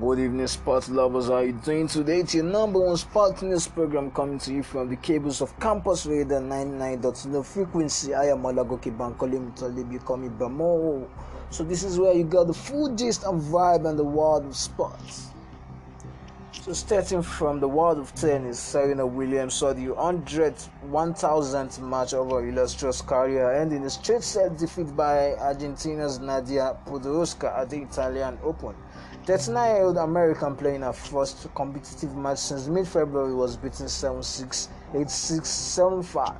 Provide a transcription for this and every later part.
Good evening, sports lovers. How are you doing today? It's your number one sports news program coming to you from the cables of Campus Radio 99.0 frequency. I am Malagoki Bankolim taliby kumi Bamo. So, this is where you got the full gist and vibe and the world of sports. So, starting from the world of tennis, Serena Williams saw the 100 1000th match of her illustrious career, ending a straight set defeat by Argentina's Nadia Podoroska at the Italian Open. 39 year old American playing her first competitive match since mid February was beaten 7 6, 8 6, 7 5.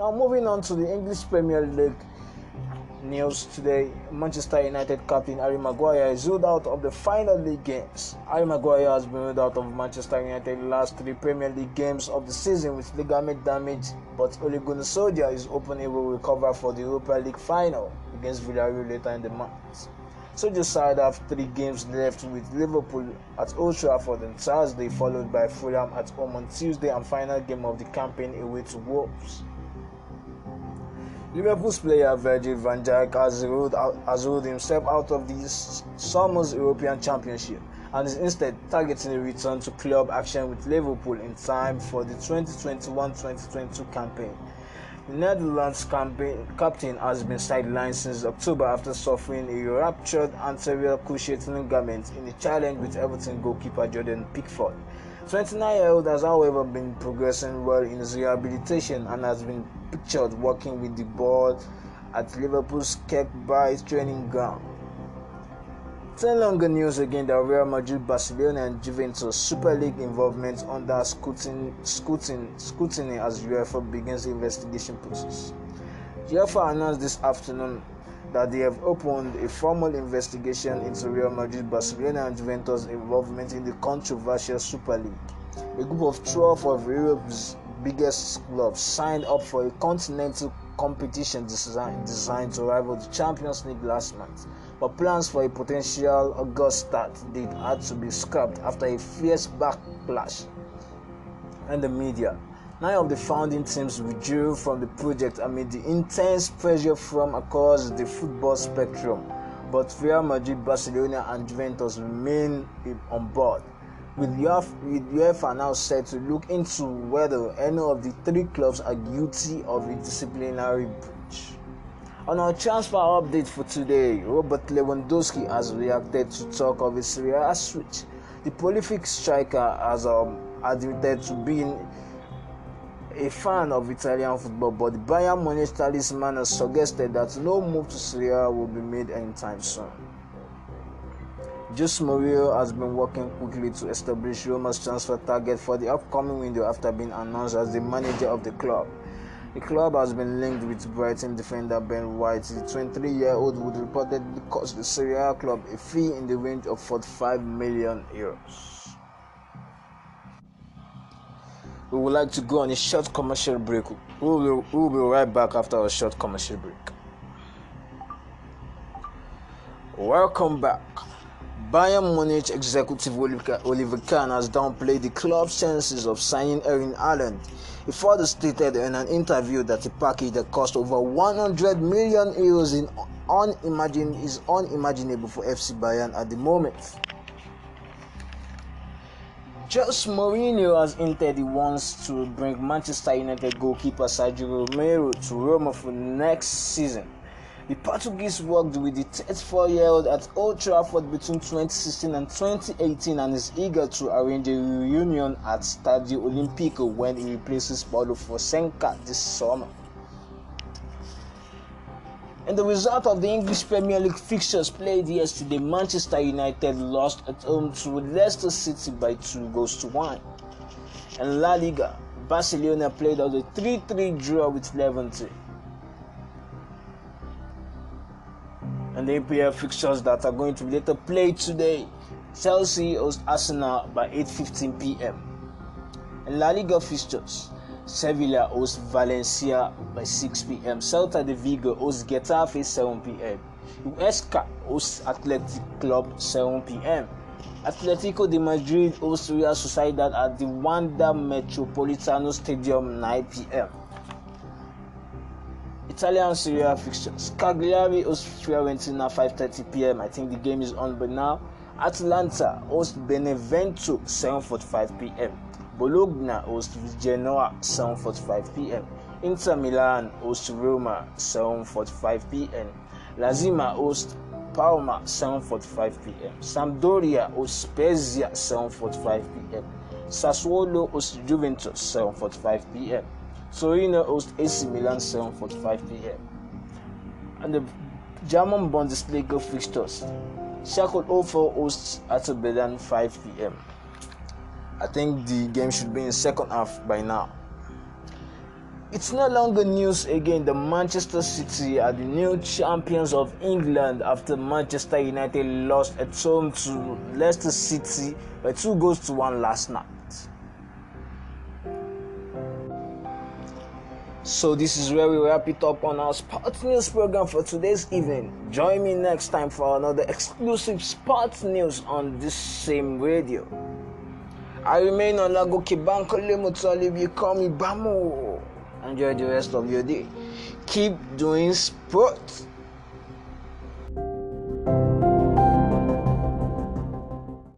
Now, moving on to the English Premier League news today Manchester United captain Harry Maguire is ruled out of the final league games. Harry Maguire has been ruled out of Manchester United's last three Premier League games of the season with ligament damage, but Ole Gunnar is hoping he will recover for the Europa League final against Villarreal later in the month. Soldier side have three games left with Liverpool at Old Trafford on Thursday, followed by Fulham at home on Tuesday, and final game of the campaign away to Wolves. Liverpool's player Virgil van Dijk has ruled, out, has ruled himself out of the summer's European Championship and is instead targeting a return to club action with Liverpool in time for the 2021-2022 campaign. Netherlands campaign, captain has been sidelined since October after suffering a ruptured anterior cruciate ligament in a challenge with Everton goalkeeper Jordan Pickford. 29-year-old has however been progressing well in his rehabilitation and has been pictured working with the board at Liverpool's Kirkby training ground. Ten longer news again that Real Madrid, Barcelona, and Juventus Super League involvement under scrutiny, scrutiny, scrutiny as UEFA begins the investigation process. UEFA announced this afternoon that they have opened a formal investigation into Real Madrid, Barcelona, and Juventus' involvement in the controversial Super League. A group of 12 of Europe's biggest clubs signed up for a continental competition design, designed to rival the Champions League last month but plans for a potential August start did had to be scrapped after a fierce backlash in the media. Nine of the founding teams withdrew from the project amid the intense pressure from across the football spectrum, but Real Madrid, Barcelona, and Juventus remain on board. With UEFA now set to look into whether any of the three clubs are guilty of a disciplinary breach. On our transfer update for today, Robert Lewandowski has reacted to talk of his Serie A switch. The prolific striker has um, admitted to being a fan of Italian football, but the Bayern Munich talisman has suggested that no move to Serie A will be made anytime soon. Jose Mourinho has been working quickly to establish Roma's transfer target for the upcoming window after being announced as the manager of the club. The club has been linked with Brighton defender Ben White. The 23 year old would reportedly cost the Serie A club a fee in the range of 45 million euros. We would like to go on a short commercial break. We will, we will be right back after a short commercial break. Welcome back. Bayern Munich executive Oliver Kahn has downplayed the club's chances of signing Erin Haaland. He further stated in an interview that the package that cost over 100 million euros in unimagin- is unimaginable for FC Bayern at the moment. Jose Mourinho has hinted he wants to bring Manchester United goalkeeper Sergio Romero to Roma for next season. The Portuguese worked with the 34 year old at Old Trafford between 2016 and 2018 and is eager to arrange a reunion at Stadio Olimpico when he replaces Paulo Fosenka this summer. In the result of the English Premier League fixtures played yesterday, Manchester United lost at home to Leicester City by 2 goals to 1. In La Liga, Barcelona played out a 3 3 draw with Levante. the EPL fixtures that are going to be later played today. Chelsea vs Arsenal by 8:15 p.m. And La Liga fixtures: Sevilla vs Valencia by 6 p.m. Celta de Vigo vs Getafe 7 p.m. Huesca vs Athletic Club 7 p.m. Atletico de Madrid vs Real Sociedad at the Wanda Metropolitano Stadium 9 p.m. Italian Serie A fixtures. Cagliari hosts Fiorentina 5:30 p.m. I think the game is on by now. Atlanta hosts Benevento 7:45 p.m. Bologna hosts Genoa 7:45 p.m. Inter Milan hosts Roma 7:45 p.m. Lazima hosts Palma 7:45 p.m. Sampdoria hosts Spezia 7:45 p.m. Sassuolo hosts Juventus 7:45 p.m. Torino host AC Milan 7:45 p.m. And the German Bundesliga fixtures: Schalke 04 hosts Atalanta 5 p.m. I think the game should be in second half by now. It's no longer news again that Manchester City are the new champions of England after Manchester United lost at home to Leicester City by two goals to one last night. So this is where we wrap it up on our sports news program for today's evening. Join me next time for another exclusive sports news on this same radio. I remain on Lago Kibanko Lemutoli, you call me Bamu. Enjoy the rest of your day. Keep doing sports.